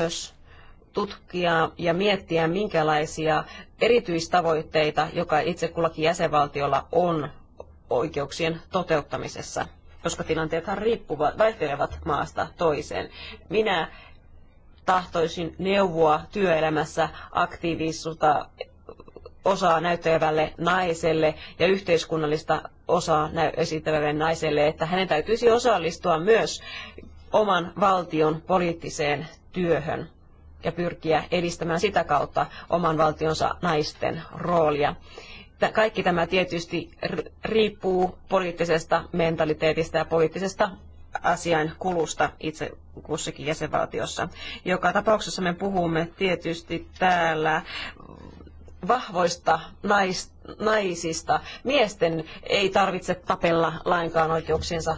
myös tutkia ja miettiä, minkälaisia erityistavoitteita joka itse kullakin jäsenvaltiolla on oikeuksien toteuttamisessa, koska tilanteethan riippuvat, vaihtelevat maasta toiseen. Minä tahtoisin neuvoa työelämässä aktiivisuutta osaa näyttävälle naiselle ja yhteiskunnallista osaa esittävälle naiselle, että hänen täytyisi osallistua myös oman valtion poliittiseen työhön ja pyrkiä edistämään sitä kautta oman valtionsa naisten roolia. Kaikki tämä tietysti riippuu poliittisesta mentaliteetista ja poliittisesta asian kulusta itse kussakin jäsenvaltiossa. Joka tapauksessa me puhumme tietysti täällä vahvoista nais, naisista. Miesten ei tarvitse tapella lainkaan oikeuksiensa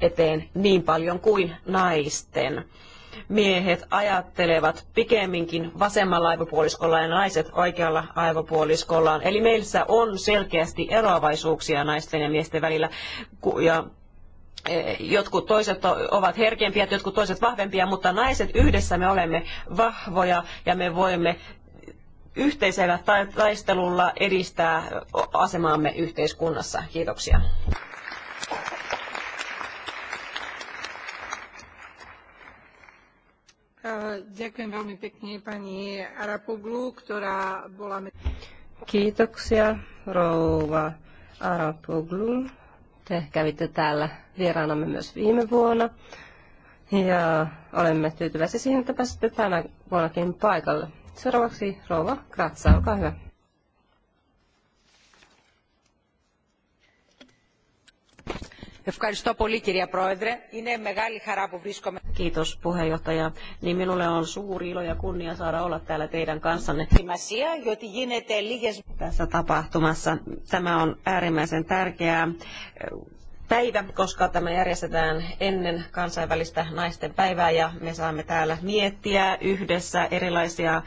eteen niin paljon kuin naisten miehet ajattelevat pikemminkin vasemmalla aivopuoliskolla ja naiset oikealla aivopuoliskollaan. Eli meissä on selkeästi eroavaisuuksia naisten ja miesten välillä. Ja e, jotkut toiset ovat herkempiä, jotkut toiset vahvempia, mutta naiset yhdessä me olemme vahvoja ja me voimme yhteisellä taistelulla edistää asemaamme yhteiskunnassa. Kiitoksia. Ďakujem veľmi pekne pani Arapoglu, ktorá bola... Kiitoksia rouva Arapoglu. Te kävitte täällä vieraanamme myös viime vuonna. Ja olemme tyytyväisiä siihen, että pääsitte tänä vuonnakin paikalle. Seuraavaksi rouva Kratsa, olkaa hyvä. Ευχαριστώ πολύ κυρία Πρόεδρε. Είναι μεγάλη χαρά που βρίσκομαι. Kiitos puheenjohtaja. Niin minulle on suuri ilo ja kunnia saada olla täällä teidän kanssanne. Tässä tapahtumassa tämä on äärimmäisen tärkeää eh, päivä, koska tämä järjestetään ennen kansainvälistä naisten päivää ja me saamme täällä miettiä yhdessä erilaisia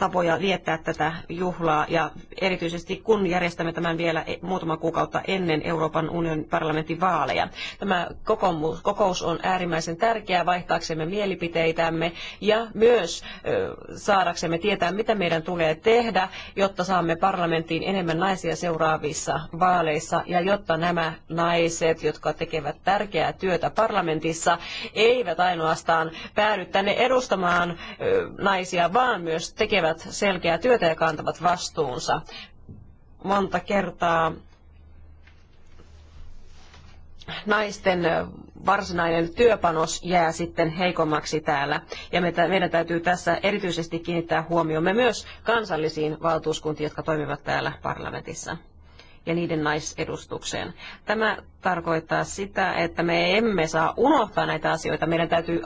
tapoja viettää tätä juhlaa ja erityisesti kun järjestämme tämän vielä e- muutama kuukautta ennen Euroopan unionin parlamentin vaaleja. Tämä kokous on äärimmäisen tärkeä vaihtaaksemme mielipiteitämme ja myös saadaksemme tietää, mitä meidän tulee tehdä, jotta saamme parlamenttiin enemmän naisia seuraavissa vaaleissa ja jotta nämä naiset, jotka tekevät tärkeää työtä parlamentissa, eivät ainoastaan päädy tänne edustamaan naisia, vaan myös tekevät tekevät selkeää työtä ja kantavat vastuunsa. Monta kertaa naisten varsinainen työpanos jää sitten heikommaksi täällä. Ja meidän täytyy tässä erityisesti kiinnittää huomiomme myös kansallisiin valtuuskuntiin, jotka toimivat täällä parlamentissa ja niiden naisedustukseen. Tämä tarkoittaa sitä, että me emme saa unohtaa näitä asioita. Meidän täytyy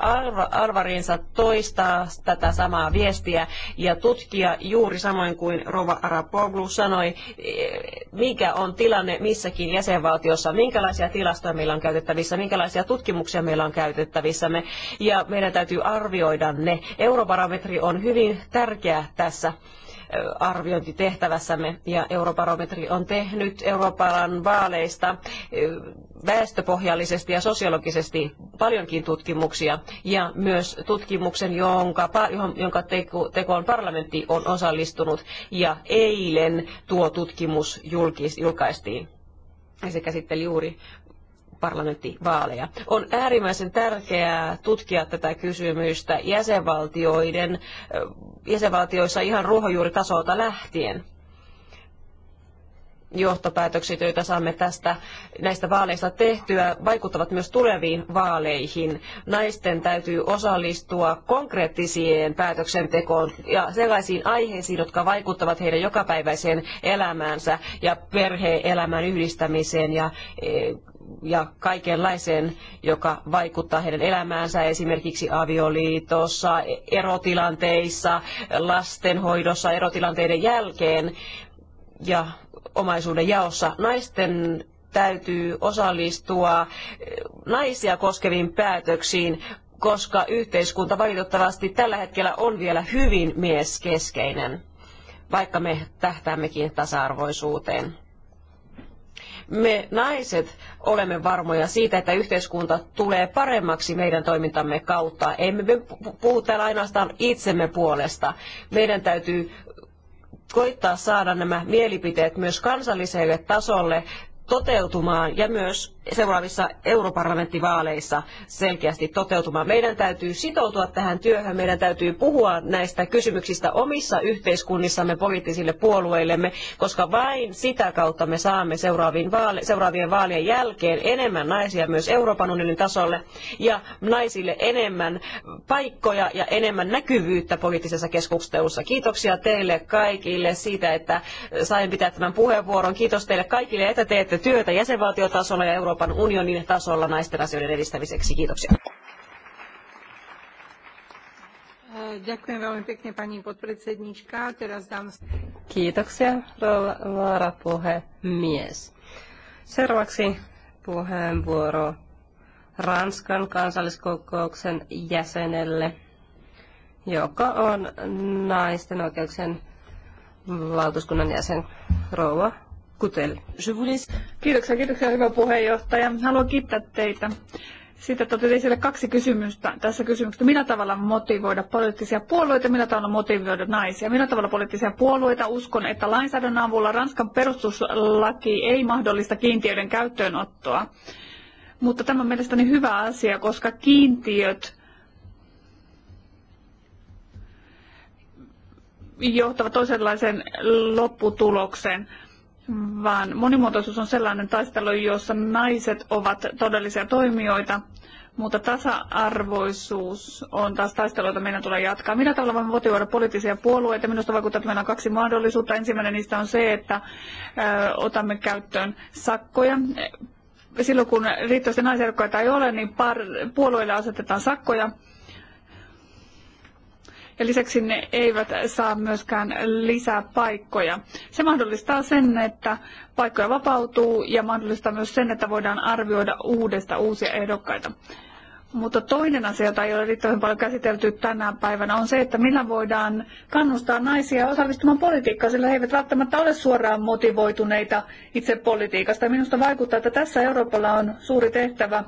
arvariinsa toistaa tätä samaa viestiä ja tutkia juuri samoin kuin Rova Arapoglu sanoi, mikä on tilanne missäkin jäsenvaltiossa, minkälaisia tilastoja meillä on käytettävissä, minkälaisia tutkimuksia meillä on käytettävissämme ja meidän täytyy arvioida ne. Eurobarometri on hyvin tärkeä tässä arviointitehtävässämme. Ja Eurobarometri on tehnyt Euroopan vaaleista väestöpohjallisesti ja sosiologisesti paljonkin tutkimuksia ja myös tutkimuksen, jonka, jonka tekoon parlamentti on osallistunut ja eilen tuo tutkimus julkaistiin. Se käsitteli juuri parlamenttivaaleja. On äärimmäisen tärkeää tutkia tätä kysymystä jäsenvaltioiden, jäsenvaltioissa ihan ruohonjuuritasolta lähtien johtopäätökset, joita saamme tästä näistä vaaleista tehtyä, vaikuttavat myös tuleviin vaaleihin. Naisten täytyy osallistua konkreettisiin päätöksentekoon ja sellaisiin aiheisiin, jotka vaikuttavat heidän jokapäiväiseen elämäänsä ja perhe-elämän yhdistämiseen ja e, ja kaikenlaiseen, joka vaikuttaa heidän elämäänsä esimerkiksi avioliitossa, erotilanteissa, lastenhoidossa, erotilanteiden jälkeen. Ja omaisuuden jaossa. Naisten täytyy osallistua eh, naisia koskeviin päätöksiin, koska yhteiskunta valitettavasti tällä hetkellä on vielä hyvin mieskeskeinen, vaikka me tähtäämmekin tasa-arvoisuuteen. Me naiset olemme varmoja siitä, että yhteiskunta tulee paremmaksi meidän toimintamme kautta. Emme me puhu täällä ainoastaan itsemme puolesta. Meidän täytyy koittaa saada nämä mielipiteet myös kansalliselle tasolle toteutumaan ja myös seuraavissa europarlamenttivaaleissa selkeästi toteutumaan. Meidän täytyy sitoutua tähän työhön, meidän täytyy puhua näistä kysymyksistä omissa yhteiskunnissamme poliittisille puolueillemme, koska vain sitä kautta me saamme seuraavien vaalien jälkeen enemmän naisia myös Euroopan unionin tasolle ja naisille enemmän paikkoja ja enemmän näkyvyyttä poliittisessa keskustelussa. Kiitoksia teille kaikille siitä, että sain pitää tämän puheenvuoron. Kiitos teille kaikille, että teette työtä jäsenvaltiotasolla ja Euroopan Euroopan unionin tasolla naisten asioiden edistämiseksi. Kiitoksia. Ďakujem veľmi pekne, Kiitoksia, varapuhemies. Seuraavaksi puheenvuoro Ranskan kansalliskokouksen jäsenelle, joka on naisten oikeuksien valtuuskunnan jäsen Rouva Kutel. Kiitoksia, kiitoksia hyvä puheenjohtaja. Haluan kiittää teitä. Sitten otit esille kaksi kysymystä tässä kysymyksessä. Millä tavalla motivoida poliittisia puolueita, millä tavalla motivoida naisia? Millä tavalla poliittisia puolueita? Uskon, että lainsäädännön avulla Ranskan perustuslaki ei mahdollista kiintiöiden käyttöönottoa. Mutta tämä on mielestäni hyvä asia, koska kiintiöt johtavat toisenlaiseen lopputulokseen vaan monimuotoisuus on sellainen taistelu, jossa naiset ovat todellisia toimijoita, mutta tasa-arvoisuus on taas taistelu, jota meidän tulee jatkaa. Millä tavalla voimme motivoida poliittisia puolueita? Minusta vaikuttaa, että meillä on kaksi mahdollisuutta. Ensimmäinen niistä on se, että otamme käyttöön sakkoja. Silloin kun riittävästi naisjärkkoja ei ole, niin par- puolueille asetetaan sakkoja ja lisäksi ne eivät saa myöskään lisää paikkoja. Se mahdollistaa sen, että paikkoja vapautuu ja mahdollistaa myös sen, että voidaan arvioida uudesta uusia ehdokkaita. Mutta toinen asia, jota ei ole riittävän paljon käsitelty tänä päivänä, on se, että millä voidaan kannustaa naisia osallistumaan politiikkaan, sillä he eivät välttämättä ole suoraan motivoituneita itse politiikasta. Minusta vaikuttaa, että tässä Euroopalla on suuri tehtävä,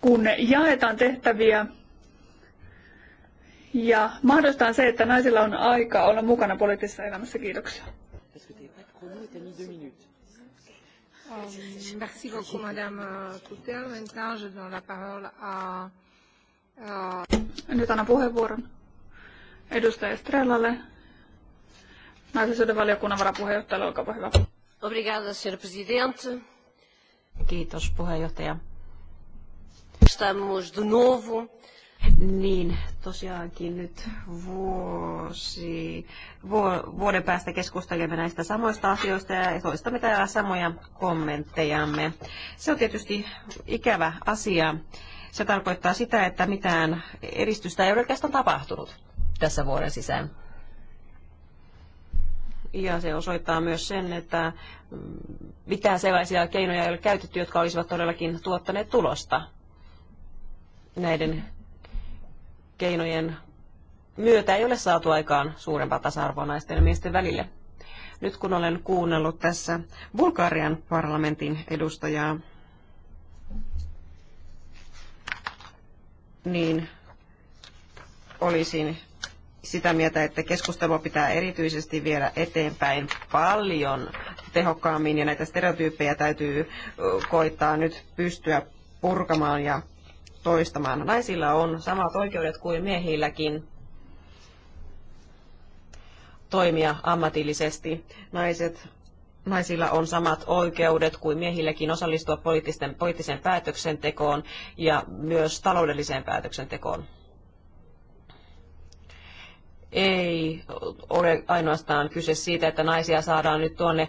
kun jaetaan tehtäviä ja mahdollistaan se, että naisilla on aika olla mukana poliittisessa elämässä. Kiitoksia. Euh, merci beaucoup, Madame euh, Coutel. Maintenant, je donne la parole à... Euh, Nyt annan puheenvuoron edustaja Estrellalle. Naisisuuden valiokunnan varapuheenjohtajalle, olkaa hyvä. Obrigada, señor presidente. Kiitos, puheenjohtaja. Estamos de novo niin, tosiaankin nyt vuosi, vuoden päästä keskustelemme näistä samoista asioista ja toistamme täällä samoja kommenttejamme. Se on tietysti ikävä asia. Se tarkoittaa sitä, että mitään edistystä ei ole oikeastaan tapahtunut tässä vuoden sisään. Ja se osoittaa myös sen, että mitään sellaisia keinoja ei ole käytetty, jotka olisivat todellakin tuottaneet tulosta näiden keinojen myötä ei ole saatu aikaan suurempaa tasa-arvoa naisten ja miesten välille. Nyt kun olen kuunnellut tässä Bulgarian parlamentin edustajaa, niin olisin sitä mieltä, että keskustelua pitää erityisesti viedä eteenpäin paljon tehokkaammin ja näitä stereotyyppejä täytyy koittaa nyt pystyä purkamaan ja toistamaan. Naisilla on samat oikeudet kuin miehilläkin toimia ammatillisesti. Naiset naisilla on samat oikeudet kuin miehilläkin osallistua poliittisen poliittiseen päätöksentekoon ja myös taloudelliseen päätöksentekoon ei ole ainoastaan kyse siitä, että naisia saadaan nyt tuonne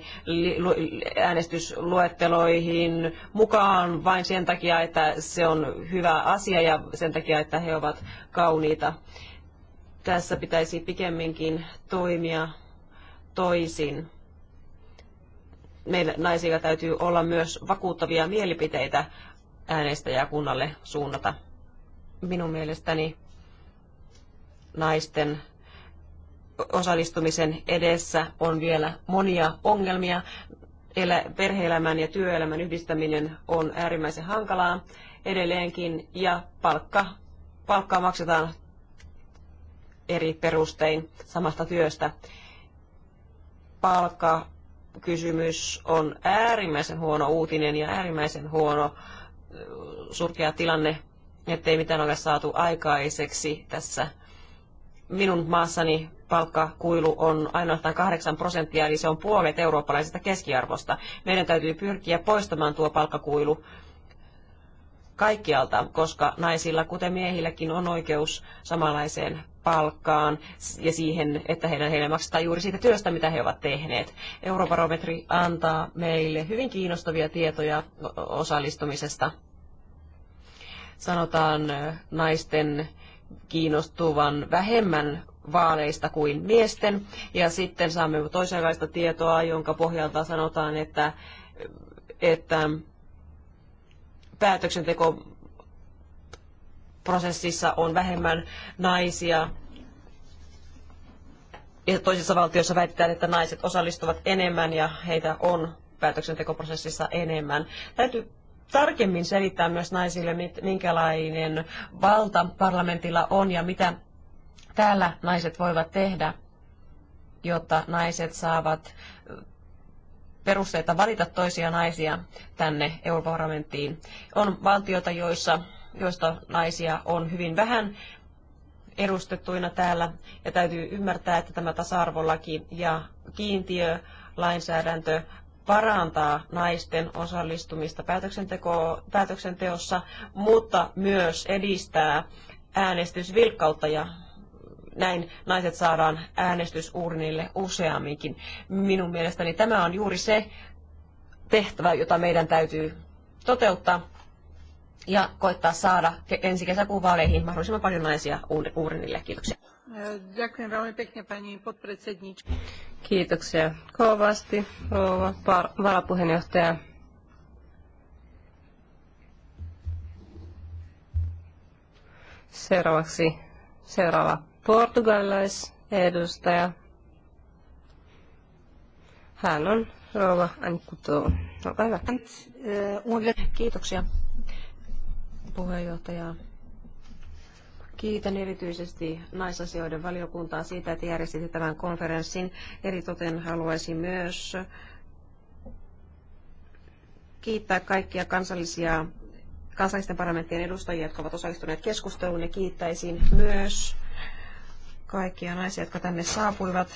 äänestysluetteloihin mukaan vain sen takia, että se on hyvä asia ja sen takia, että he ovat kauniita. Tässä pitäisi pikemminkin toimia toisin. Meillä naisilla täytyy olla myös vakuuttavia mielipiteitä äänestäjäkunnalle suunnata. Minun mielestäni naisten osallistumisen edessä on vielä monia ongelmia. Elä, perheelämän ja työelämän yhdistäminen on äärimmäisen hankalaa edelleenkin ja palkka, palkkaa maksetaan eri perustein samasta työstä. Palkkakysymys on äärimmäisen huono uutinen ja äärimmäisen huono surkea tilanne, ettei mitään ole saatu aikaiseksi tässä minun maassani palkkakuilu on ainoastaan 8 prosenttia, eli se on puolet eurooppalaisesta keskiarvosta. Meidän täytyy pyrkiä poistamaan tuo palkkakuilu kaikkialta, koska naisilla, kuten miehilläkin, on oikeus samanlaiseen palkkaan ja siihen, että heidän heille maksetaan juuri siitä työstä, mitä he ovat tehneet. Eurobarometri antaa meille hyvin kiinnostavia tietoja osallistumisesta. Sanotaan naisten kiinnostuvan vähemmän vaaleista kuin miesten. Ja sitten saamme toisenlaista tietoa, jonka pohjalta sanotaan, että, että päätöksenteko prosessissa on vähemmän naisia ja toisissa valtioissa väitetään, että naiset osallistuvat enemmän ja heitä on päätöksentekoprosessissa enemmän. Täytyy tarkemmin selittää myös naisille, minkälainen valta parlamentilla on ja mitä täällä naiset voivat tehdä, jotta naiset saavat perusteita valita toisia naisia tänne europarlamenttiin. On valtioita, joissa, joista naisia on hyvin vähän edustettuina täällä, ja täytyy ymmärtää, että tämä tasa-arvolaki ja kiintiölainsäädäntö parantaa naisten osallistumista päätöksenteossa, mutta myös edistää äänestysvilkkautta ja näin naiset saadaan äänestysurnille useamminkin. Minun mielestäni tämä on juuri se tehtävä, jota meidän täytyy toteuttaa ja koittaa saada ensi kesäkuun vaaleihin mahdollisimman paljon naisia uurnille. Kiitoksia. Kiitoksia kovasti, rouva varapuheenjohtaja. Seuraavaksi seuraava portugalaisedustaja. Hän on Rova Ankuto. Olkaa hyvä. Kiitoksia puheenjohtajaa. Kiitän erityisesti naisasioiden valiokuntaa siitä, että järjestitte tämän konferenssin. Eritoten haluaisin myös kiittää kaikkia kansallisia kansallisten parlamenttien edustajia, jotka ovat osallistuneet keskusteluun ja kiittäisin myös kaikkia naisia, jotka tänne saapuivat.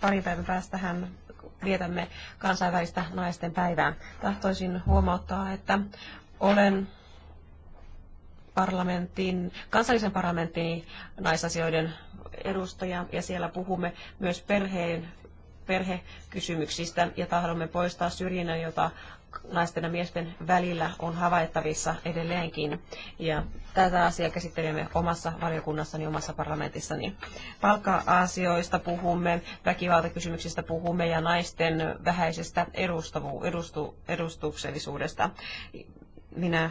Pari päivän päästähän hän vietämme kansainvälistä naisten päivää. Tahtoisin huomauttaa, että olen parlamentin, kansallisen parlamentin naisasioiden edustaja ja siellä puhumme myös perheen perhekysymyksistä ja tahdomme poistaa syrjinnän, jota naisten ja miesten välillä on havaittavissa edelleenkin. Ja tätä asiaa käsittelemme omassa valiokunnassani, omassa parlamentissani. Palkka-asioista puhumme, väkivaltakysymyksistä puhumme ja naisten vähäisestä edustu, edustuksellisuudesta. Minä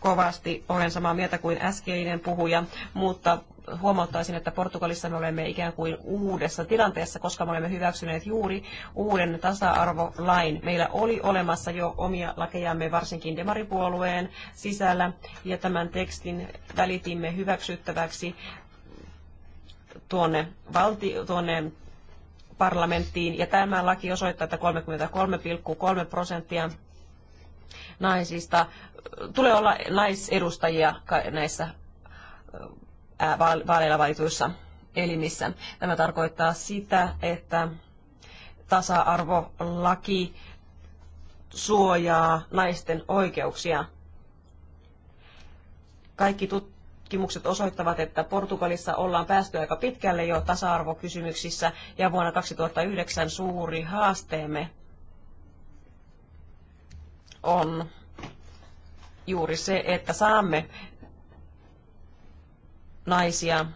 kovasti olen samaa mieltä kuin äskeinen puhuja, mutta huomauttaisin, että Portugalissa me olemme ikään kuin uudessa tilanteessa, koska me olemme hyväksyneet juuri uuden tasa-arvolain. Meillä oli olemassa jo omia lakejamme varsinkin demaripuolueen sisällä ja tämän tekstin välitimme hyväksyttäväksi tuonne, valti, tuonne parlamenttiin ja tämä laki osoittaa, että 33,3 prosenttia naisista tulee olla naisedustajia näissä vaaleilla valituissa elimissä. Tämä tarkoittaa sitä, että tasa-arvolaki suojaa naisten oikeuksia. Kaikki tutkimukset osoittavat, että Portugalissa ollaan päästy aika pitkälle jo tasa-arvokysymyksissä ja vuonna 2009 suuri haasteemme on juuri se, että saamme naisia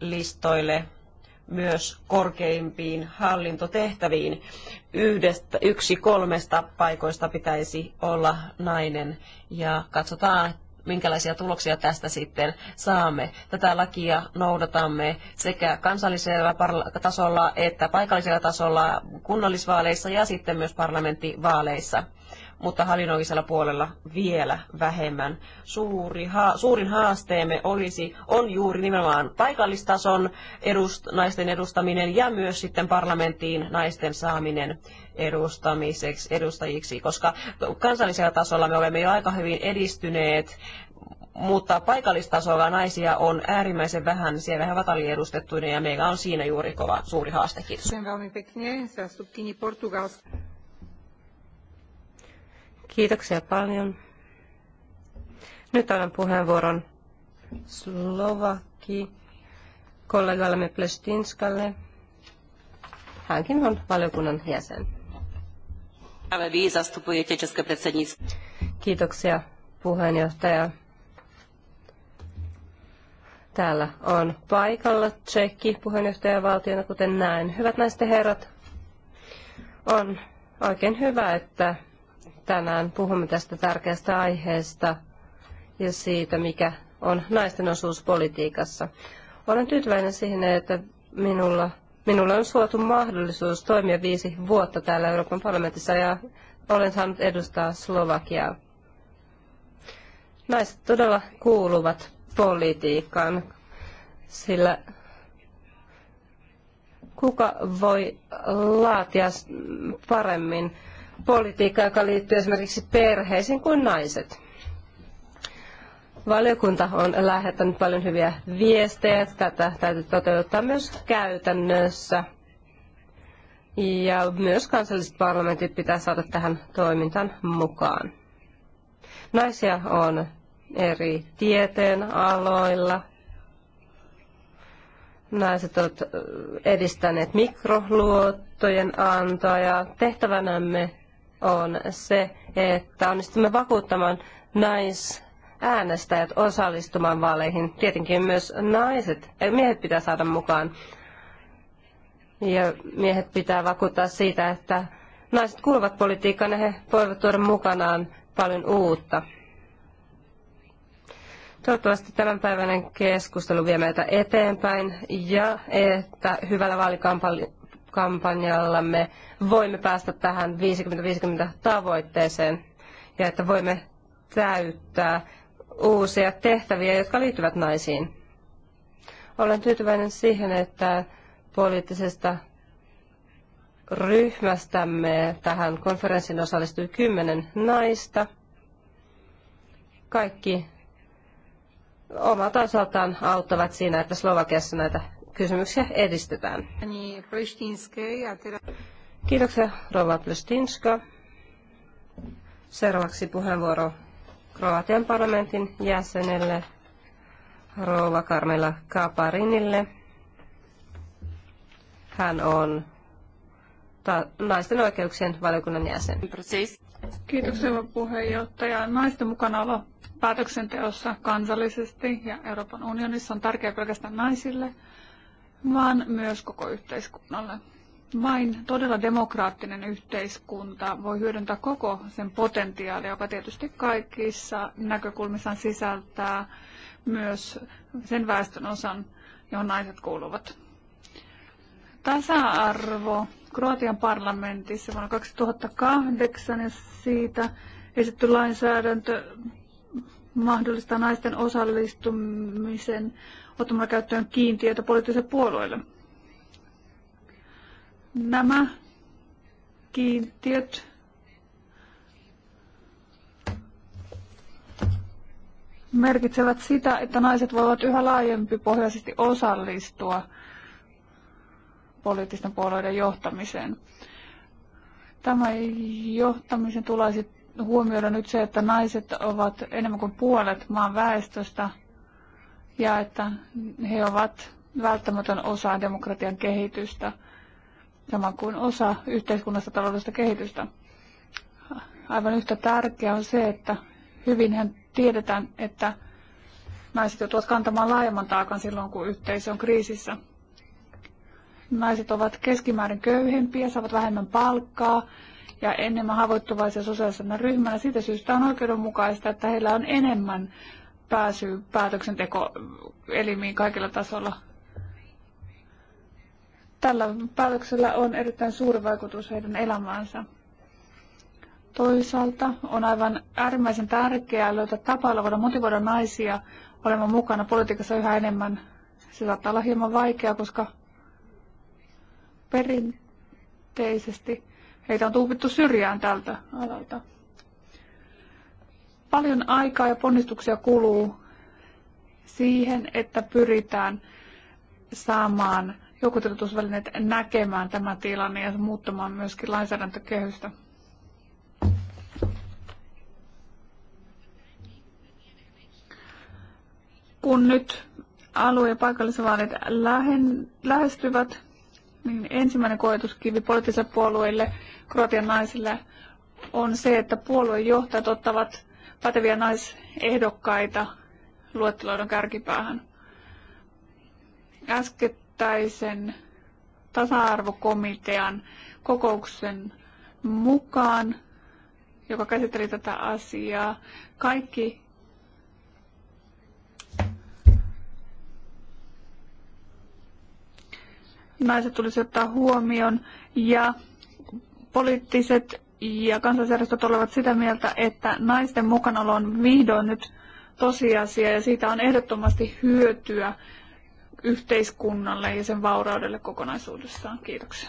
listoille myös korkeimpiin hallintotehtäviin. Yhdestä, yksi kolmesta paikoista pitäisi olla nainen ja katsotaan, minkälaisia tuloksia tästä sitten saamme. Tätä lakia noudatamme sekä kansallisella tasolla että paikallisella tasolla kunnallisvaaleissa ja sitten myös parlamenttivaaleissa mutta hallinnollisella puolella vielä vähemmän. Suuri ha- suurin haasteemme olisi, on juuri nimenomaan paikallistason edust- naisten edustaminen ja myös sitten parlamenttiin naisten saaminen edustamiseksi, edustajiksi, koska kansallisella tasolla me olemme jo aika hyvin edistyneet, mutta paikallistasolla naisia on äärimmäisen vähän, siellä he ovat aliedustettuina ja meillä on siinä juuri kova suuri haaste. Kiitos. Kiitoksia paljon. Nyt annan puheenvuoron Slovaki kollegallemme Plestinskalle. Hänkin on valiokunnan jäsen. Kiitoksia puheenjohtaja. Täällä on paikalla Tsekki puheenjohtajavaltiona, kuten näin. Hyvät naiset ja herrat, on oikein hyvä, että tänään puhumme tästä tärkeästä aiheesta ja siitä, mikä on naisten osuus politiikassa. Olen tyytyväinen siihen, että minulla, minulla on suotu mahdollisuus toimia viisi vuotta täällä Euroopan parlamentissa ja olen saanut edustaa Slovakiaa. Naiset todella kuuluvat politiikkaan, sillä kuka voi laatia paremmin politiikkaa, joka liittyy esimerkiksi perheisiin kuin naiset. Valiokunta on lähettänyt paljon hyviä viestejä. Tätä täytyy toteuttaa myös käytännössä. Ja myös kansalliset parlamentit pitää saada tähän toimintaan mukaan. Naisia on eri tieteen aloilla. Naiset ovat edistäneet mikroluottojen antoa ja tehtävänämme on se, että onnistumme vakuuttamaan naisäänestäjät osallistumaan vaaleihin. Tietenkin myös naiset, eh, miehet pitää saada mukaan. Ja miehet pitää vakuuttaa siitä, että naiset kuuluvat politiikkaan ja he voivat tuoda mukanaan paljon uutta. Toivottavasti tämänpäiväinen keskustelu vie meitä eteenpäin ja että hyvällä vaalikampanjalla kampanjallamme voimme päästä tähän 50-50 tavoitteeseen ja että voimme täyttää uusia tehtäviä, jotka liittyvät naisiin. Olen tyytyväinen siihen, että poliittisesta ryhmästämme tähän konferenssiin osallistui kymmenen naista. Kaikki omalta osaltaan auttavat siinä, että Slovakiassa näitä kysymyksiä edistetään. Kiitoksia Rova Plestinska. Seuraavaksi puheenvuoro Kroatian parlamentin jäsenelle Rova Karmela Kaparinille. Hän on ta- naisten oikeuksien valiokunnan jäsen. Kiitoksia puheenjohtaja. Naisten mukana olo päätöksenteossa kansallisesti ja Euroopan unionissa on tärkeää pelkästään naisille, vaan myös koko yhteiskunnalle. Vain todella demokraattinen yhteiskunta voi hyödyntää koko sen potentiaalia, joka tietysti kaikissa näkökulmissa sisältää myös sen väestön osan, johon naiset kuuluvat. Tasa-arvo Kroatian parlamentissa vuonna 2008 ja siitä esitetty lainsäädäntö mahdollistaa naisten osallistumisen ottamalla käyttöön kiintiöitä poliittisille puolueille. Nämä kiintiöt merkitsevät sitä, että naiset voivat yhä laajempi pohjaisesti osallistua poliittisten puolueiden johtamiseen. Tämä johtamisen tulaisi huomioida nyt se, että naiset ovat enemmän kuin puolet maan väestöstä ja että he ovat välttämätön osa demokratian kehitystä, sama kuin osa yhteiskunnasta taloudellista kehitystä. Aivan yhtä tärkeää on se, että hyvinhän tiedetään, että naiset joutuvat kantamaan laajemman taakan silloin, kun yhteisö on kriisissä. Naiset ovat keskimäärin köyhempiä, saavat vähemmän palkkaa, ja enemmän haavoittuvaisia sosiaalisena ryhmänä. Siitä syystä on oikeudenmukaista, että heillä on enemmän pääsy päätöksentekoelimiin kaikilla tasolla. Tällä päätöksellä on erittäin suuri vaikutus heidän elämäänsä. Toisaalta on aivan äärimmäisen tärkeää löytää tapa, jolla voidaan motivoida naisia olemaan mukana politiikassa yhä enemmän. Se saattaa olla hieman vaikeaa, koska perinteisesti Heitä on tuupittu syrjään tältä alalta. Paljon aikaa ja ponnistuksia kuluu siihen, että pyritään saamaan joukkotilotusvälineet näkemään tämä tilanne ja muuttamaan myöskin lainsäädäntökehystä. Kun nyt alue- ja paikallisvaalit lähestyvät, niin ensimmäinen koetuskivi poliittisille puolueille, Kroatian naisille, on se, että puoluejohtajat ottavat päteviä naisehdokkaita luetteloidon kärkipäähän. Äskettäisen tasa-arvokomitean kokouksen mukaan, joka käsitteli tätä asiaa, kaikki naiset tulisi ottaa huomioon ja poliittiset ja kansalaisjärjestöt olivat sitä mieltä, että naisten mukanaolo on vihdoin nyt tosiasia ja siitä on ehdottomasti hyötyä yhteiskunnalle ja sen vauraudelle kokonaisuudessaan. Kiitoksia.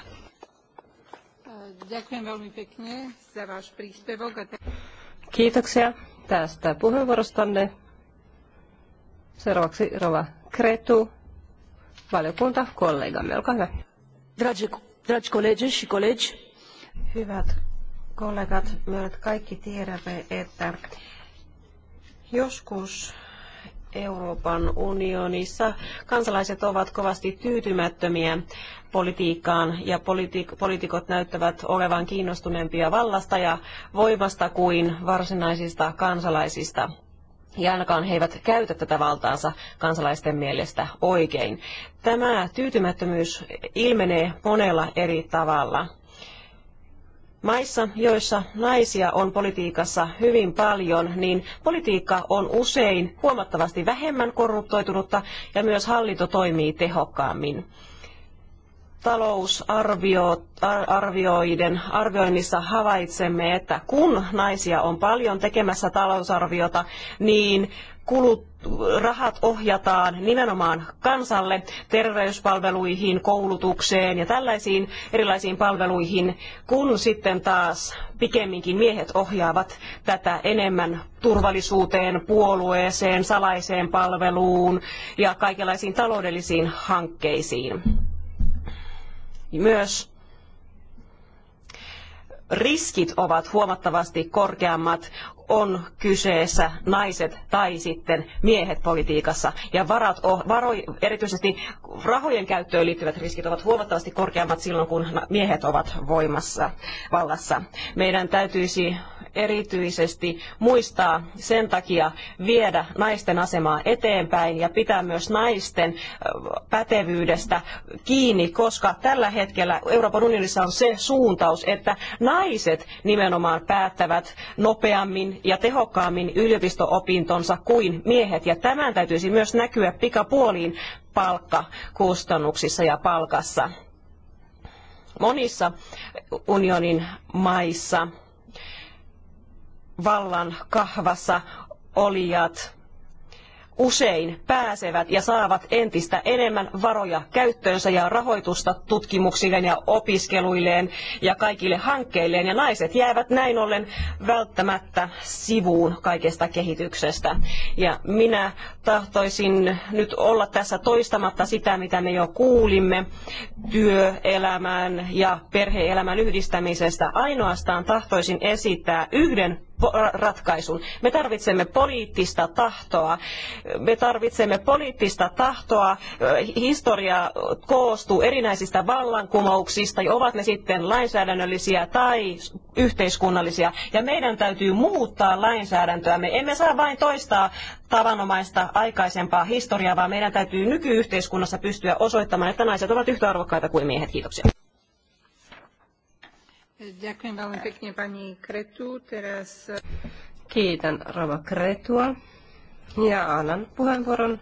Kiitoksia tästä puheenvuorostanne. Seuraavaksi Rova Kretu valiokunta kollegamme. Olkaa hyvä. Dragi, dragi kollegi și colegi. Hyvät kollegat, me kaikki tiedämme, että joskus Euroopan unionissa kansalaiset ovat kovasti tyytymättömiä politiikkaan ja politiik poliitikot näyttävät olevan kiinnostuneempia vallasta ja voimasta kuin varsinaisista kansalaisista ja ainakaan he eivät käytä tätä valtaansa kansalaisten mielestä oikein. Tämä tyytymättömyys ilmenee monella eri tavalla. Maissa, joissa naisia on politiikassa hyvin paljon, niin politiikka on usein huomattavasti vähemmän korruptoitunutta ja myös hallinto toimii tehokkaammin talousarvioiden arvioinnissa havaitsemme, että kun naisia on paljon tekemässä talousarviota, niin kulut, rahat ohjataan nimenomaan kansalle, terveyspalveluihin, koulutukseen ja tällaisiin erilaisiin palveluihin, kun sitten taas pikemminkin miehet ohjaavat tätä enemmän turvallisuuteen, puolueeseen, salaiseen palveluun ja kaikenlaisiin taloudellisiin hankkeisiin myös riskit ovat huomattavasti korkeammat on kyseessä naiset tai sitten miehet politiikassa. Ja varat, varoi, erityisesti rahojen käyttöön liittyvät riskit ovat huomattavasti korkeammat silloin, kun miehet ovat voimassa vallassa. Meidän täytyisi erityisesti muistaa sen takia viedä naisten asemaa eteenpäin ja pitää myös naisten pätevyydestä kiinni, koska tällä hetkellä Euroopan unionissa on se suuntaus, että naiset nimenomaan päättävät nopeammin ja tehokkaammin yliopisto-opintonsa kuin miehet. Ja tämän täytyisi myös näkyä pikapuoliin palkkakustannuksissa ja palkassa. Monissa unionin maissa vallan kahvassa olijat usein pääsevät ja saavat entistä enemmän varoja käyttöönsä ja rahoitusta tutkimuksilleen ja opiskeluilleen ja kaikille hankkeilleen. Ja naiset jäävät näin ollen välttämättä sivuun kaikesta kehityksestä. Ja minä tahtoisin nyt olla tässä toistamatta sitä, mitä me jo kuulimme työelämän ja perheelämän yhdistämisestä. Ainoastaan tahtoisin esittää yhden ratkaisun. Me tarvitsemme poliittista tahtoa. Me tarvitsemme poliittista tahtoa. Historia koostuu erinäisistä vallankumouksista, ja ovat ne sitten lainsäädännöllisiä tai yhteiskunnallisia. Ja meidän täytyy muuttaa lainsäädäntöä. Me emme saa vain toistaa tavanomaista aikaisempaa historiaa, vaan meidän täytyy nykyyhteiskunnassa pystyä osoittamaan, että naiset ovat yhtä arvokkaita kuin miehet. Kiitoksia. Ďakujem veľmi pekne pani Kretu. Teraz... E, Kiitän Rova Kretua ja annan puheenvuoron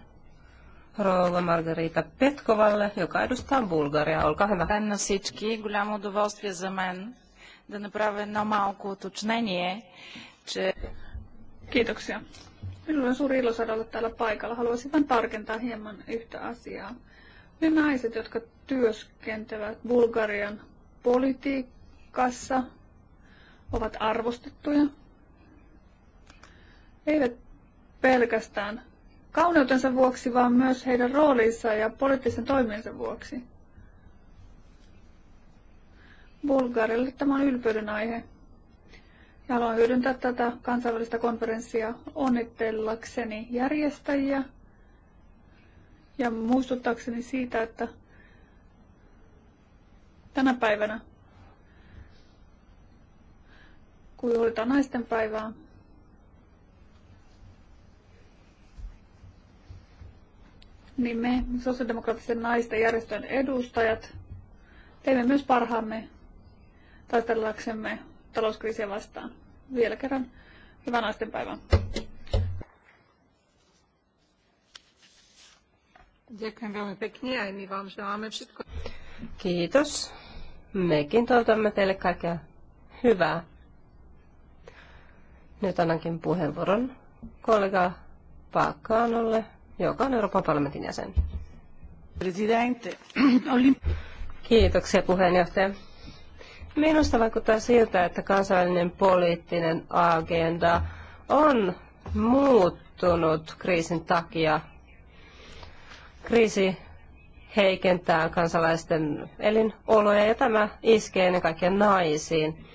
Rova Margarita Petkovalle, joka edustaa Bulgaria. Olkaa hyvä. На всички голямо удоволствие за мен да направя едно малко уточнение, че... Kiitoksia. Minulla on suuri ilo saada olla täällä paikalla. Haluaisin vain tarkentaa hieman yhtä asiaa. Ne naiset, jotka työskentelevät Bulgarian politiikkaa, Kreikassa ovat arvostettuja. Eivät pelkästään kauneutensa vuoksi, vaan myös heidän roolinsa ja poliittisen toimiensa vuoksi. Bulgarille tämä on ylpeyden aihe. Ja haluan hyödyntää tätä kansainvälistä konferenssia onnittellakseni järjestäjiä ja muistuttaakseni siitä, että tänä päivänä juhlitaan naisten päivää. Niin me sosiaalidemokraattisten naisten järjestön edustajat teemme myös parhaamme taistellaksemme talouskriisiä vastaan. Vielä kerran hyvää naisten päivää. Kiitos. Mekin toivotamme teille kaikkea hyvää nyt annankin puheenvuoron kollega Paakkaanolle, joka on Euroopan parlamentin jäsen. Presidente, Kiitoksia puheenjohtaja. Minusta vaikuttaa siltä, että kansainvälinen poliittinen agenda on muuttunut kriisin takia. Kriisi heikentää kansalaisten elinoloja ja tämä iskee ennen kaikkea naisiin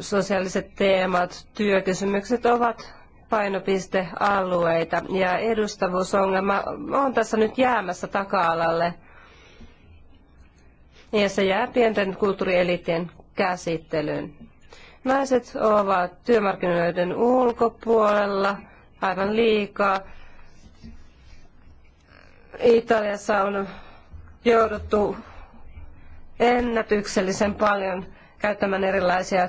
sosiaaliset teemat, työkysymykset ovat painopistealueita ja edustavuusongelma on tässä nyt jäämässä taka-alalle ja se jää pienten kulttuurielitien käsittelyyn. Naiset ovat työmarkkinoiden ulkopuolella aivan liikaa. Italiassa on jouduttu ennätyksellisen paljon käyttämään erilaisia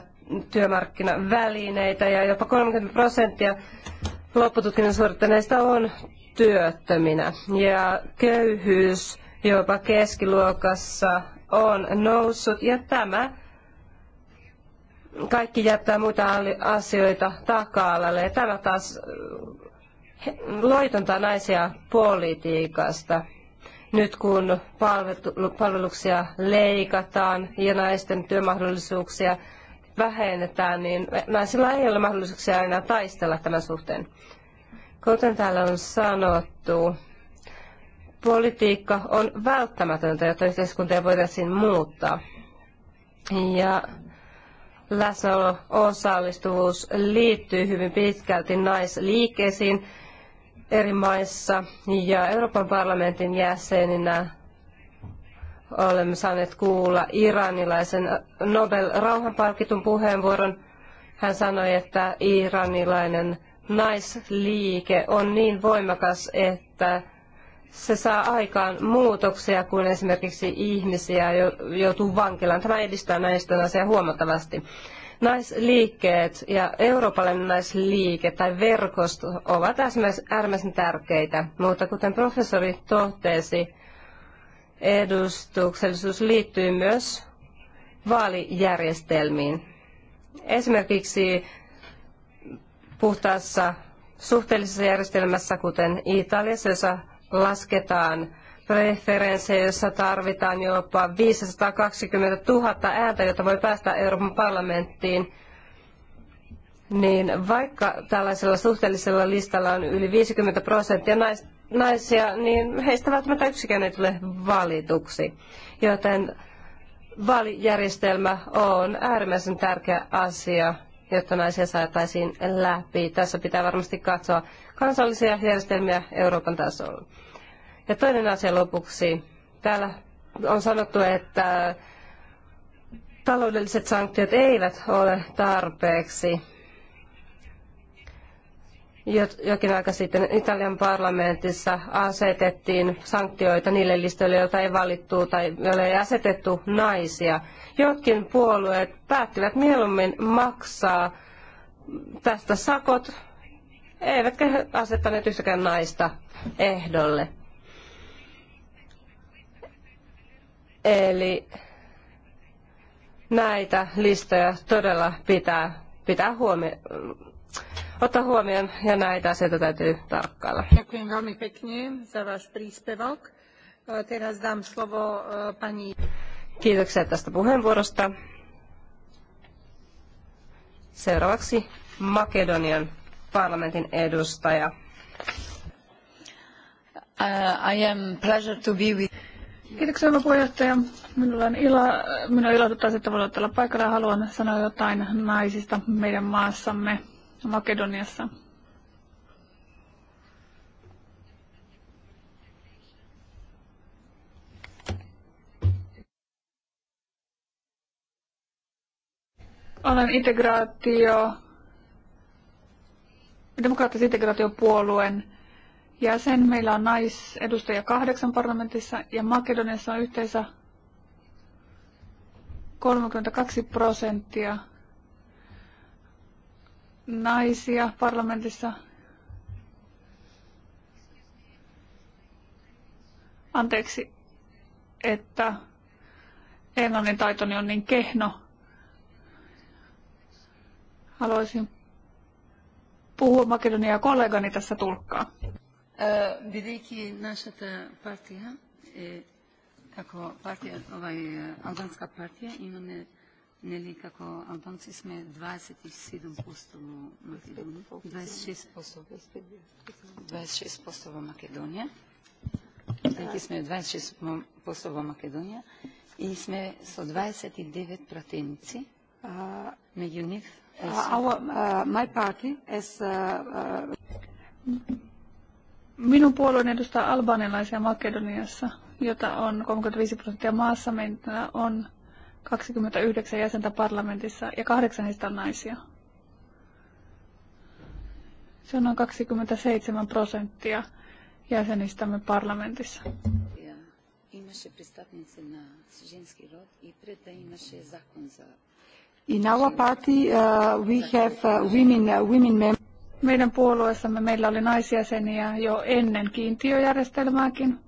työmarkkinavälineitä ja jopa 30 prosenttia loppututkinnon suorittaneista on työttöminä. Ja köyhyys jopa keskiluokassa on noussut ja tämä kaikki jättää muita asioita taka-alalle. Ja tämä taas loitontaa naisia politiikasta. Nyt kun palveluksia leikataan ja naisten työmahdollisuuksia vähennetään, niin naisilla ei ole mahdollisuuksia enää taistella tämän suhteen. Kuten täällä on sanottu, politiikka on välttämätöntä, jotta yhteiskuntia voitaisiin muuttaa. Ja läsnäolo osallistuvuus liittyy hyvin pitkälti naisliikkeisiin eri maissa ja Euroopan parlamentin jäseninä olemme saaneet kuulla iranilaisen Nobel-rauhanpalkitun puheenvuoron. Hän sanoi, että iranilainen naisliike on niin voimakas, että se saa aikaan muutoksia, kun esimerkiksi ihmisiä joutuu vankilaan. Tämä edistää naisten asiaa huomattavasti. Naisliikkeet ja eurooppalainen naisliike tai verkosto ovat äärimmäisen tärkeitä, mutta kuten professori totesi, edustuksellisuus liittyy myös vaalijärjestelmiin. Esimerkiksi puhtaassa suhteellisessa järjestelmässä, kuten Italiassa, jossa lasketaan preferenssejä, jossa tarvitaan jopa 520 000 ääntä, jotta voi päästä Euroopan parlamenttiin, niin vaikka tällaisella suhteellisella listalla on yli 50 prosenttia naista, naisia, niin heistä välttämättä yksikään ei tule valituksi. Joten vaalijärjestelmä on äärimmäisen tärkeä asia, jotta naisia saataisiin läpi. Tässä pitää varmasti katsoa kansallisia järjestelmiä Euroopan tasolla. Ja toinen asia lopuksi. Täällä on sanottu, että taloudelliset sanktiot eivät ole tarpeeksi jokin aika sitten Italian parlamentissa asetettiin sanktioita niille listoille, joita ei valittu tai joille ei asetettu naisia. Jotkin puolueet päättivät mieluummin maksaa tästä sakot, eivätkä asettaneet yhtäkään naista ehdolle. Eli näitä listoja todella pitää, pitää huomioon ottaa huomioon ja näitä asioita täytyy tarkkailla. E, e, pani... Kiitoksia tästä puheenvuorosta. Seuraavaksi Makedonian parlamentin edustaja. Uh, I am pleasure to be with... Kiitoksia hyvä puheenjohtaja. Minulla on ilo, minulla on ilo että voin olla paikalla ja haluan sanoa jotain naisista meidän maassamme. Makedoniassa. Olen integraatio, demokraattisen integraatiopuolueen jäsen. Meillä on naisedustajia kahdeksan parlamentissa ja Makedoniassa on yhteensä 32 prosenttia naisia parlamentissa. Anteeksi, että englannin taitoni on niin kehno. Haluaisin puhua makedonia kollegani tässä tulkkaa. Vidiki nasata partia e, ako partia, ovaj e, albanska partia, imamme nekako, Albanci smo 27% v Makedoniji, 26% v 26% v Makedoniji. Neki smo 26% v Makedoniji in sme so 29 pratenci. Uh, među our, uh, my party as uh, uh, Minun puolueeni edustaa albanilaisia Makedoniassa, jota on 35 prosenttia maassa. Meillä on 29 jäsentä parlamentissa ja kahdeksan heistä on naisia. Se on noin 27 prosenttia jäsenistämme parlamentissa. In our party uh, we have uh, women, uh, women members. Meidän puolueessamme meillä oli naisjäseniä jo ennen kiintiöjärjestelmääkin.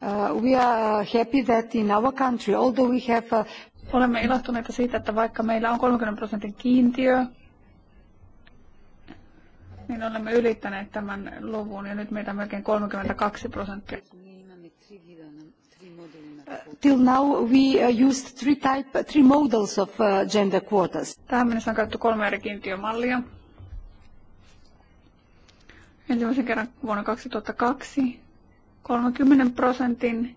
Uh, we are uh, happy that in our country, although we have a... Uh, olemme ilahtuneita siitä, että vaikka meillä on 30 prosentin kiintiö, niin olemme ylittäneet tämän luvun ja nyt meitä on melkein 32 prosenttia. Siis till now we used three, type, three models of gender quotas. Tähän mennessä on käytetty kolme eri kiintiömallia ensimmäisen kerran vuonna 2002 30 prosentin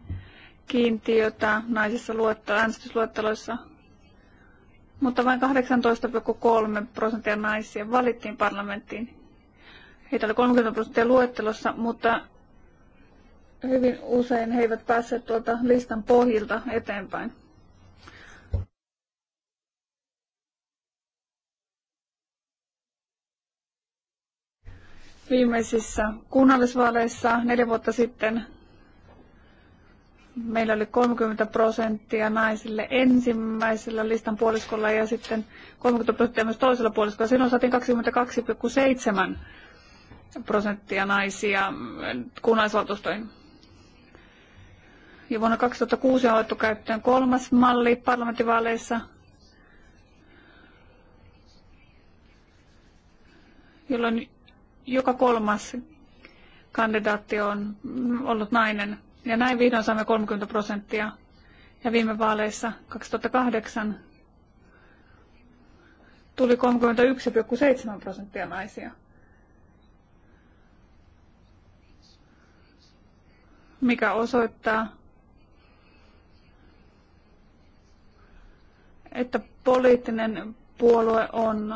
kiintiötä naisissa luotto, äänestysluetteloissa, mutta vain 18,3 prosenttia naisia valittiin parlamenttiin. Heitä oli 30 prosenttia luettelossa, mutta hyvin usein he eivät päässeet tuolta listan pohjilta eteenpäin. viimeisissä kunnallisvaaleissa neljä vuotta sitten meillä oli 30 prosenttia naisille ensimmäisellä listan puoliskolla ja sitten 30 prosenttia myös toisella puoliskolla. Silloin saatiin 22,7 prosenttia naisia kunnallisvaltuustoihin. Ja vuonna 2006 on otettu käyttöön kolmas malli parlamenttivaaleissa, jolloin joka kolmas kandidaatti on ollut nainen. Ja näin vihdoin saamme 30 prosenttia. Ja viime vaaleissa 2008 tuli 31,7 prosenttia naisia. Mikä osoittaa, että poliittinen puolue on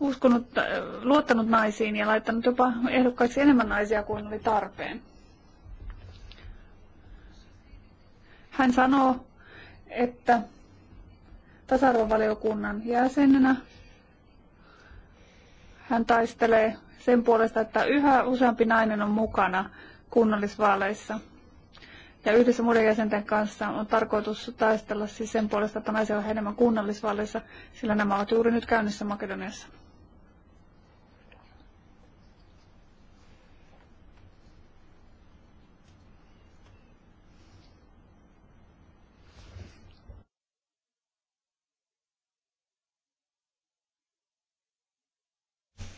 uskonut, äh, luottanut naisiin ja laittanut jopa ehdokkaiksi enemmän naisia kuin oli tarpeen. Hän sanoo, että tasa-arvovaliokunnan jäsenenä hän taistelee sen puolesta, että yhä useampi nainen on mukana kunnallisvaaleissa. Ja yhdessä muiden jäsenten kanssa on tarkoitus taistella siis sen puolesta, että naisia on enemmän kunnallisvaaleissa, sillä nämä ovat juuri nyt käynnissä Makedoniassa.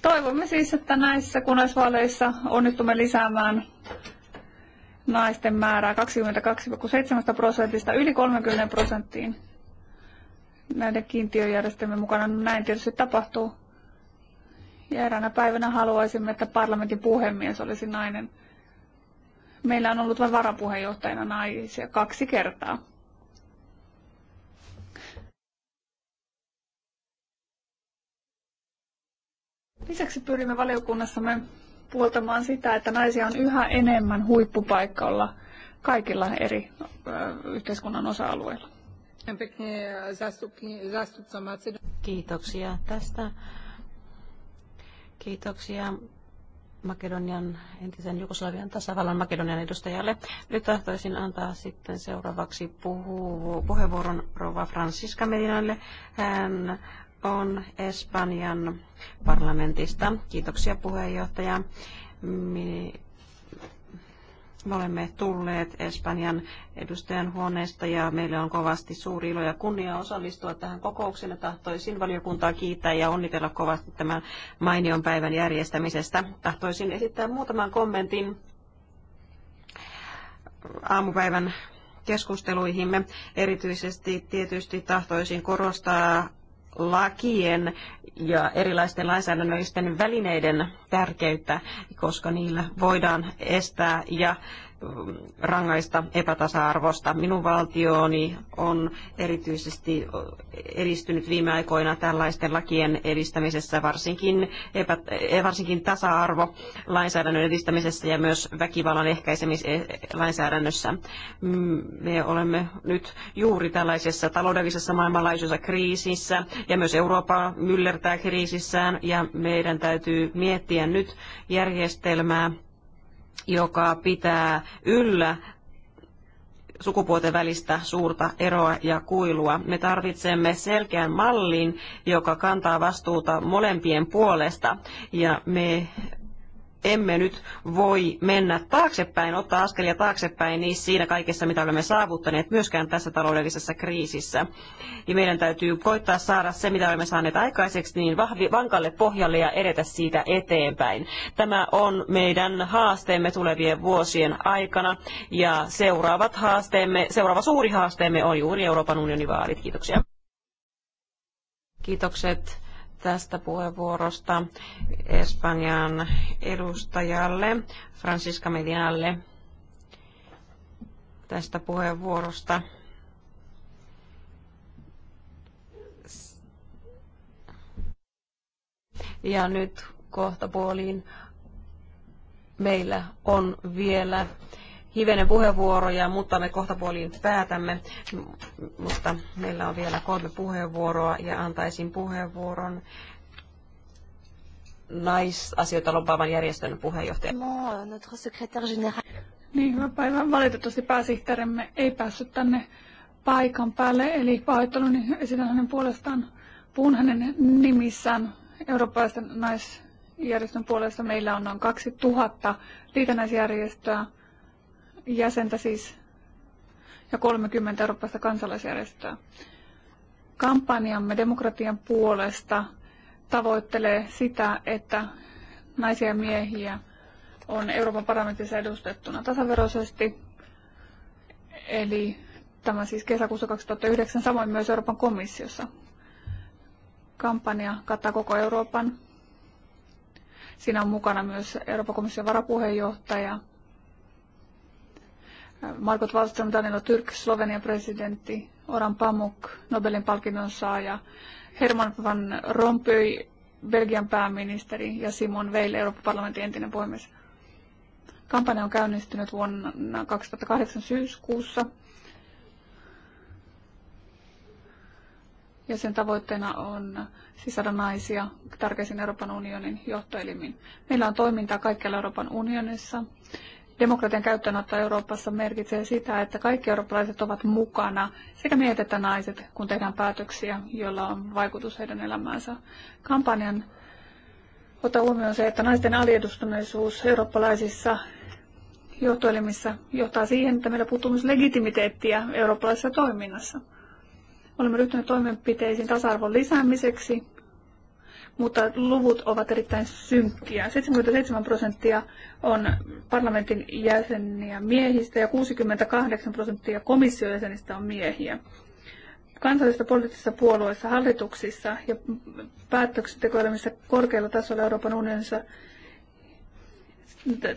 Toivomme siis, että näissä kunnallisvaaleissa onnistumme lisäämään naisten määrää 22,7 prosentista yli 30 prosenttiin näiden kiintiöjärjestelmien mukana. näin tietysti tapahtuu. Ja eräänä päivänä haluaisimme, että parlamentin puhemies olisi nainen. Meillä on ollut vain varapuheenjohtajana naisia kaksi kertaa. Lisäksi pyrimme valiokunnassamme puoltamaan sitä, että naisia on yhä enemmän huippupaikalla kaikilla eri yhteiskunnan osa-alueilla. Kiitoksia tästä. Kiitoksia Makedonian, entisen Jugoslavian tasavallan Makedonian edustajalle. Nyt tahtoisin antaa sitten seuraavaksi puhu, puheenvuoron Rova Francisca Medinalle. Hän on Espanjan parlamentista. Kiitoksia puheenjohtaja. Me olemme tulleet Espanjan edustajan huoneesta ja meillä on kovasti suuri ilo ja kunnia osallistua tähän kokoukseen. Ja tahtoisin valiokuntaa kiittää ja onnitella kovasti tämän mainion päivän järjestämisestä. Tahtoisin esittää muutaman kommentin aamupäivän keskusteluihimme. Erityisesti tietysti tahtoisin korostaa lakien ja erilaisten lainsäädännöllisten välineiden tärkeyttä, koska niillä voidaan estää ja rangaista epätasa-arvosta. Minun valtioni on erityisesti edistynyt viime aikoina tällaisten lakien edistämisessä, varsinkin, epä, eh, varsinkin tasa-arvo lainsäädännön edistämisessä ja myös väkivallan ehkäisemislainsäädännössä. Eh, mm, me olemme nyt juuri tällaisessa taloudellisessa maailmanlaajuisessa kriisissä ja myös Eurooppa myllertää kriisissään ja meidän täytyy miettiä nyt järjestelmää, joka pitää yllä sukupuolten välistä suurta eroa ja kuilua. Me tarvitsemme selkeän mallin, joka kantaa vastuuta molempien puolesta ja me emme nyt voi mennä taaksepäin, ottaa askelia taaksepäin niin siinä kaikessa, mitä olemme saavuttaneet, myöskään tässä taloudellisessa kriisissä. Ja meidän täytyy koittaa saada se, mitä olemme saaneet aikaiseksi, niin vahvi, vankalle pohjalle ja edetä siitä eteenpäin. Tämä on meidän haasteemme tulevien vuosien aikana, ja seuraavat haasteemme, seuraava suuri haasteemme on juuri Euroopan unionin vaalit. Kiitoksia. Kiitokset tästä puheenvuorosta Espanjan edustajalle Francisca Medinalle tästä puheenvuorosta. Ja nyt kohta puoliin meillä on vielä hivenen puheenvuoroja, mutta me kohta puoliin päätämme. Mutta meillä on vielä kolme puheenvuoroa ja antaisin puheenvuoron naisasioita lobaavan järjestön puheenjohtaja. Niin, hyvä päivä. Valitettavasti pääsihteerimme ei päässyt tänne paikan päälle, eli pahoitteluni niin esitän hänen puolestaan, puun hänen nimissään eurooppalaisten naisjärjestön puolesta. Meillä on noin 2000 liitännäisjärjestöä jäsentä siis ja 30 eurooppalaista kansalaisjärjestöä. Kampanjamme demokratian puolesta tavoittelee sitä, että naisia ja miehiä on Euroopan parlamentissa edustettuna tasaveroisesti. Eli tämä siis kesäkuussa 2009, samoin myös Euroopan komissiossa. Kampanja kattaa koko Euroopan. Siinä on mukana myös Euroopan komission varapuheenjohtaja, Margot Wallström, Danilo Türk, Slovenian presidentti, Oran Pamuk, Nobelin palkinnon saaja, Herman van Rompuy, Belgian pääministeri ja Simon Veil, Euroopan parlamentin entinen puhemies. Kampanja on käynnistynyt vuonna 2008 syyskuussa. Ja sen tavoitteena on sisällä naisia tärkeisiin Euroopan unionin johtoelimiin. Meillä on toimintaa kaikkialla Euroopan unionissa Demokratian käyttöönotto Euroopassa merkitsee sitä, että kaikki eurooppalaiset ovat mukana, sekä miehet että naiset, kun tehdään päätöksiä, joilla on vaikutus heidän elämäänsä. Kampanjan ottaa huomioon se, että naisten aliedustuneisuus eurooppalaisissa johtoelimissä johtaa siihen, että meillä puuttuu myös legitimiteettiä eurooppalaisessa toiminnassa. Olemme ryhtyneet toimenpiteisiin tasa-arvon lisäämiseksi mutta luvut ovat erittäin synkkiä. 77 prosenttia on parlamentin jäseniä miehistä ja 68 prosenttia komission jäsenistä on miehiä. Kansallisissa poliittisissa puolueissa, hallituksissa ja päätöksentekoelmissä korkealla tasolla Euroopan unionissa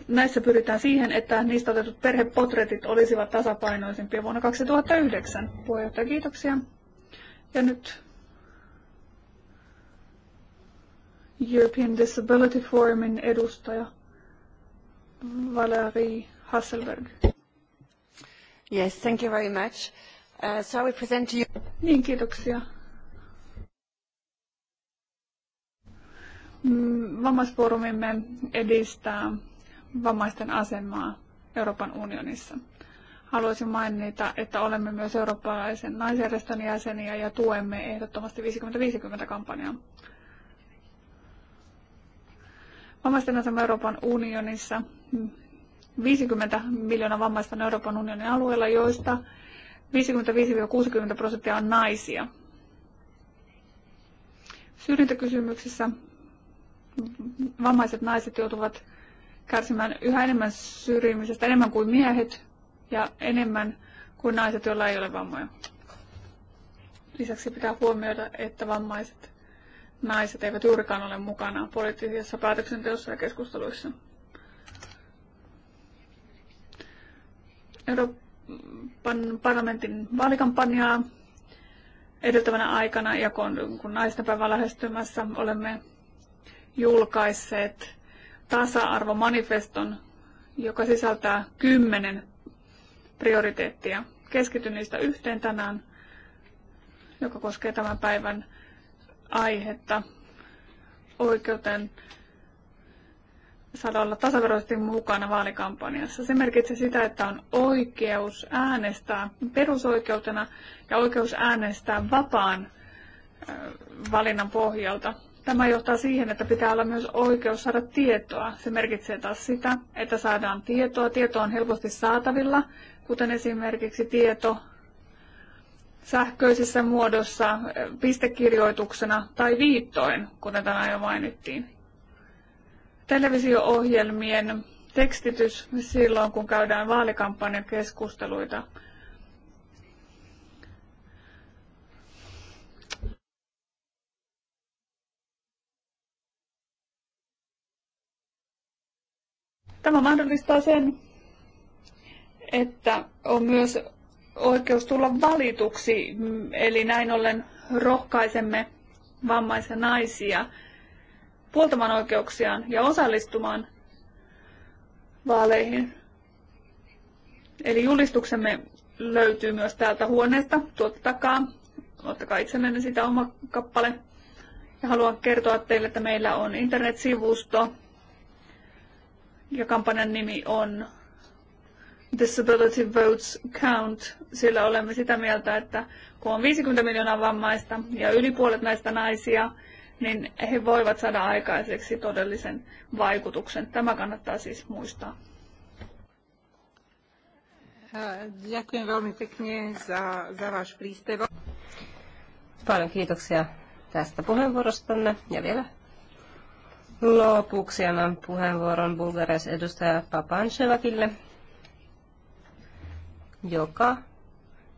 näissä pyritään siihen, että niistä otetut perhepotretit olisivat tasapainoisempia vuonna 2009. Puheenjohtaja, kiitoksia. Ja nyt European Disability Forumin edustaja Valerie Hasselberg. Yes, thank you very much. Uh, so I will present to you... Niin, kiitoksia. Mm, vammaisfoorumimme edistää vammaisten asemaa Euroopan unionissa. Haluaisin mainita, että olemme myös eurooppalaisen naisjärjestön jäseniä ja tuemme ehdottomasti 50-50-kampanjaa. 50 50 kampanjaa Vammaisten asema Euroopan unionissa. 50 miljoonaa vammaista on Euroopan unionin alueella, joista 55-60 prosenttia on naisia. Syrjintäkysymyksissä vammaiset naiset joutuvat kärsimään yhä enemmän syrjimisestä, enemmän kuin miehet ja enemmän kuin naiset, joilla ei ole vammoja. Lisäksi pitää huomioida, että vammaiset naiset eivät juurikaan ole mukana poliittisessa päätöksenteossa ja keskusteluissa. Euroopan parlamentin vaalikampanjaa edeltävänä aikana ja kun, kun naistenpäivä lähestymässä olemme julkaisseet tasa-arvomanifeston, joka sisältää kymmenen prioriteettia. Keskityn niistä yhteen tänään, joka koskee tämän päivän aihetta oikeuteen saada olla tasaveroisesti mukana vaalikampanjassa. Se merkitsee sitä, että on oikeus äänestää perusoikeutena ja oikeus äänestää vapaan valinnan pohjalta. Tämä johtaa siihen, että pitää olla myös oikeus saada tietoa. Se merkitsee taas sitä, että saadaan tietoa. Tieto on helposti saatavilla, kuten esimerkiksi tieto sähköisessä muodossa, eh, pistekirjoituksena tai viittoin, kuten tänään jo mainittiin. Televisio-ohjelmien tekstitys silloin, kun käydään vaalikampanjan keskusteluita. Tämä mahdollistaa sen, että on myös oikeus tulla valituksi, eli näin ollen rohkaisemme vammaisia naisia puoltamaan oikeuksiaan ja osallistumaan vaaleihin. Eli julistuksemme löytyy myös täältä huoneesta, tuolta takaa. Ottakaa itsellenne sitä oma kappale. Ja haluan kertoa teille, että meillä on internetsivusto. Ja kampanjan nimi on disability votes count, sillä olemme sitä mieltä, että kun on 50 miljoonaa vammaista ja yli puolet näistä naisia, niin he voivat saada aikaiseksi todellisen vaikutuksen. Tämä kannattaa siis muistaa. Paljon kiitoksia tästä puheenvuorostanne ja vielä lopuksi annan puheenvuoron Bulgarias edustaja Papanchevakille joka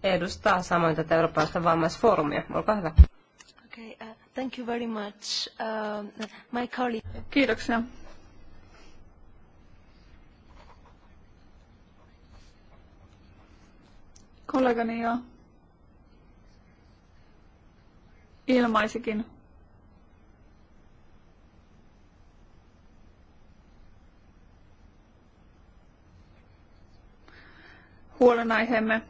edustaa samoin tätä eurooppalaista vammaisfoorumia. Olkaa hyvä. Okay, uh, thank you very much. Uh, my colleague... Kiitoksia. kollegani jo ilmaisikin huolenaiheemme.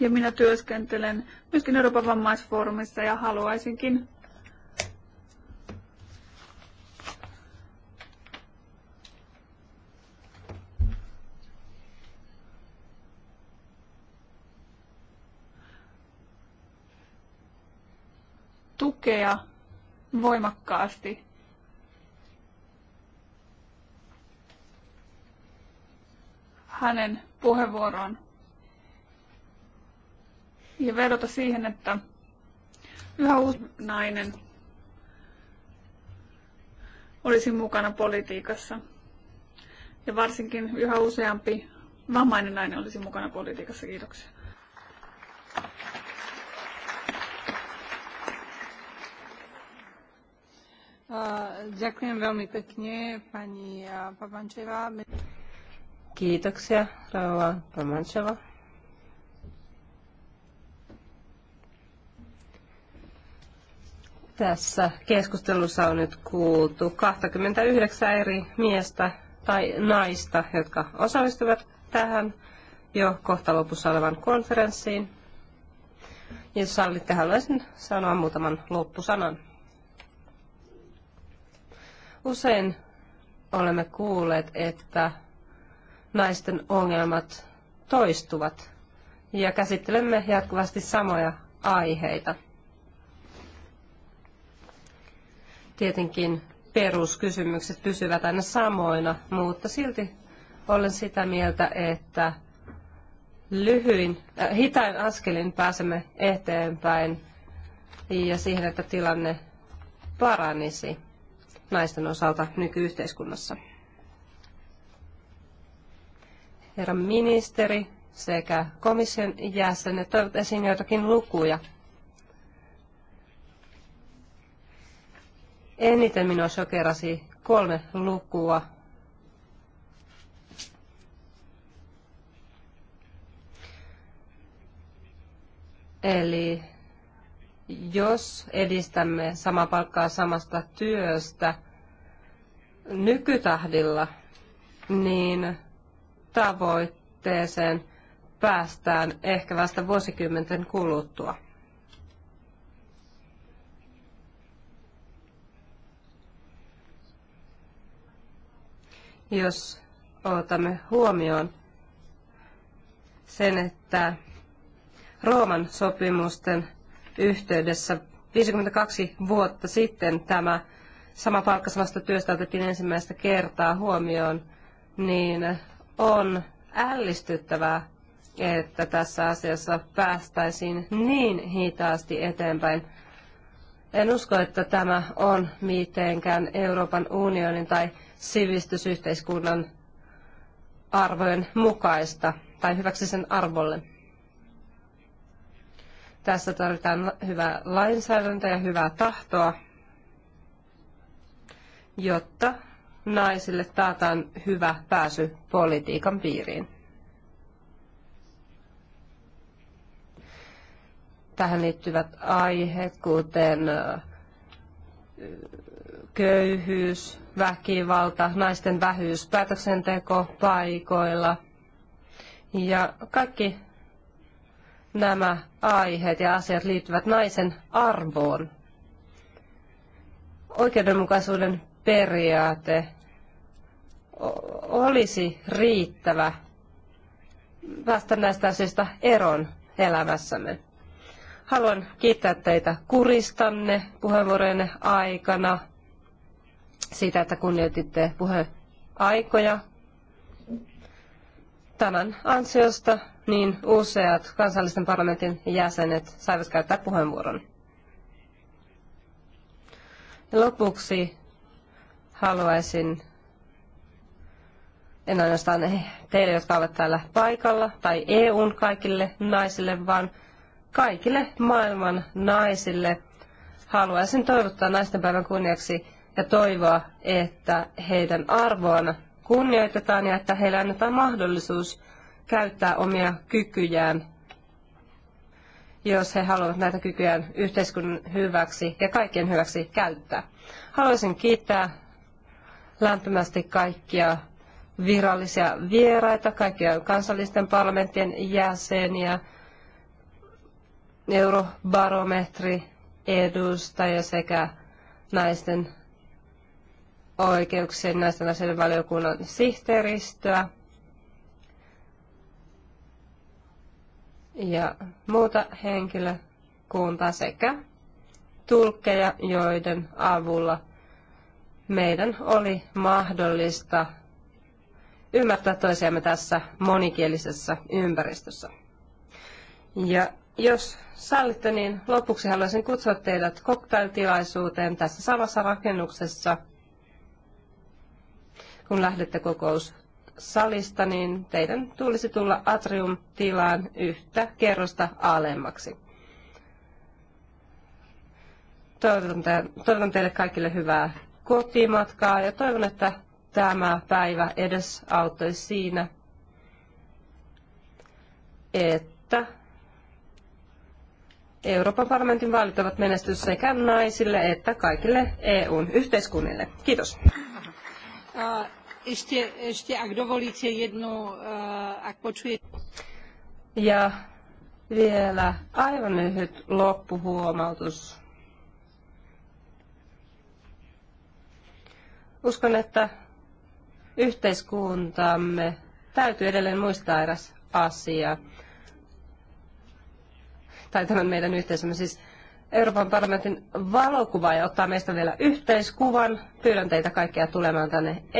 Ja minä työskentelen myöskin Euroopan vammaisfoorumissa ja haluaisinkin tukea voimakkaasti hänen puheenvuoroon ja vedota siihen, että yhä uusi nainen olisi mukana politiikassa. Ja varsinkin yhä useampi vammainen nainen olisi mukana politiikassa. Kiitoksia. Ďakujem veľmi pekne, pani Kiitoksia, Rauha Pamancheva. Tässä keskustelussa on nyt kuultu 29 eri miestä tai naista, jotka osallistuvat tähän jo kohta lopussa olevan konferenssiin. Jos sallitte, haluaisin sanoa muutaman loppusanan. Usein olemme kuulleet, että naisten ongelmat toistuvat ja käsittelemme jatkuvasti samoja aiheita. Tietenkin peruskysymykset pysyvät aina samoina, mutta silti olen sitä mieltä, että lyhyin, äh, hitain askelin pääsemme eteenpäin ja siihen, että tilanne paranisi naisten osalta nykyyhteiskunnassa. Herra ministeri sekä komission jäsenet toivat esiin joitakin lukuja. Eniten minua sokerasi kolme lukua. Eli jos edistämme samaa palkkaa samasta työstä nykytahdilla, niin tavoitteeseen päästään ehkä vasta vuosikymmenten kuluttua. Jos otamme huomioon sen, että Rooman sopimusten yhteydessä. 52 vuotta sitten tämä sama palkka samasta työstä otettiin ensimmäistä kertaa huomioon, niin on ällistyttävää, että tässä asiassa päästäisiin niin hitaasti eteenpäin. En usko, että tämä on mitenkään Euroopan unionin tai sivistysyhteiskunnan arvojen mukaista tai hyväksi sen arvolle. Tässä tarvitaan hyvää lainsäädäntöä ja hyvää tahtoa, jotta naisille taataan hyvä pääsy politiikan piiriin. Tähän liittyvät aiheet, kuten köyhyys, väkivalta, naisten vähyys päätöksenteko paikoilla ja kaikki nämä aiheet ja asiat liittyvät naisen arvoon. Oikeudenmukaisuuden periaate olisi riittävä päästä näistä asioista eroon elämässämme. Haluan kiittää teitä kuristanne puheenvuorojenne aikana, siitä, että kunnioititte puheaikoja. Tämän ansiosta niin useat kansallisten parlamentin jäsenet saivat käyttää puheenvuoron. Lopuksi haluaisin en ainoastaan teille, jotka ovat täällä paikalla, tai EUn kaikille naisille, vaan kaikille maailman naisille. Haluaisin toivottaa päivän kunniaksi ja toivoa, että heidän arvoaan kunnioitetaan ja että heille annetaan mahdollisuus käyttää omia kykyjään, jos he haluavat näitä kykyjään yhteiskunnan hyväksi ja kaikkien hyväksi käyttää. Haluaisin kiittää lämpimästi kaikkia virallisia vieraita, kaikkia kansallisten parlamenttien jäseniä, eurobarometri edustaja sekä naisten oikeuksien naisten asioiden valiokunnan sihteeristöä. ja muuta henkilökuntaa sekä tulkkeja, joiden avulla meidän oli mahdollista ymmärtää toisiamme tässä monikielisessä ympäristössä. Ja jos sallitte, niin lopuksi haluaisin kutsua teidät koktailtilaisuuteen tässä samassa rakennuksessa, kun lähdette kokous salista, niin teidän tulisi tulla atriumtilaan yhtä kerrosta alemmaksi. Toivotan, teille kaikille hyvää kotimatkaa ja toivon, että tämä päivä edes auttoi siinä, että Euroopan parlamentin vaalit ovat menestys sekä naisille että kaikille EUn yhteiskunnille. Kiitos. Uh, Ešte, ak dovolíte jednu, eh, ak počuje... Ja vielä aivan lyhyt loppuhuomautus. Uskon, että yhteiskuntamme täytyy edelleen muistaa eräs asia. Tai tämän meidän yhteisömme siis Euroopan parlamentin valokuva ja ottaa meistä vielä yhteiskuvan. Pyydän teitä kaikkia tulemaan tänne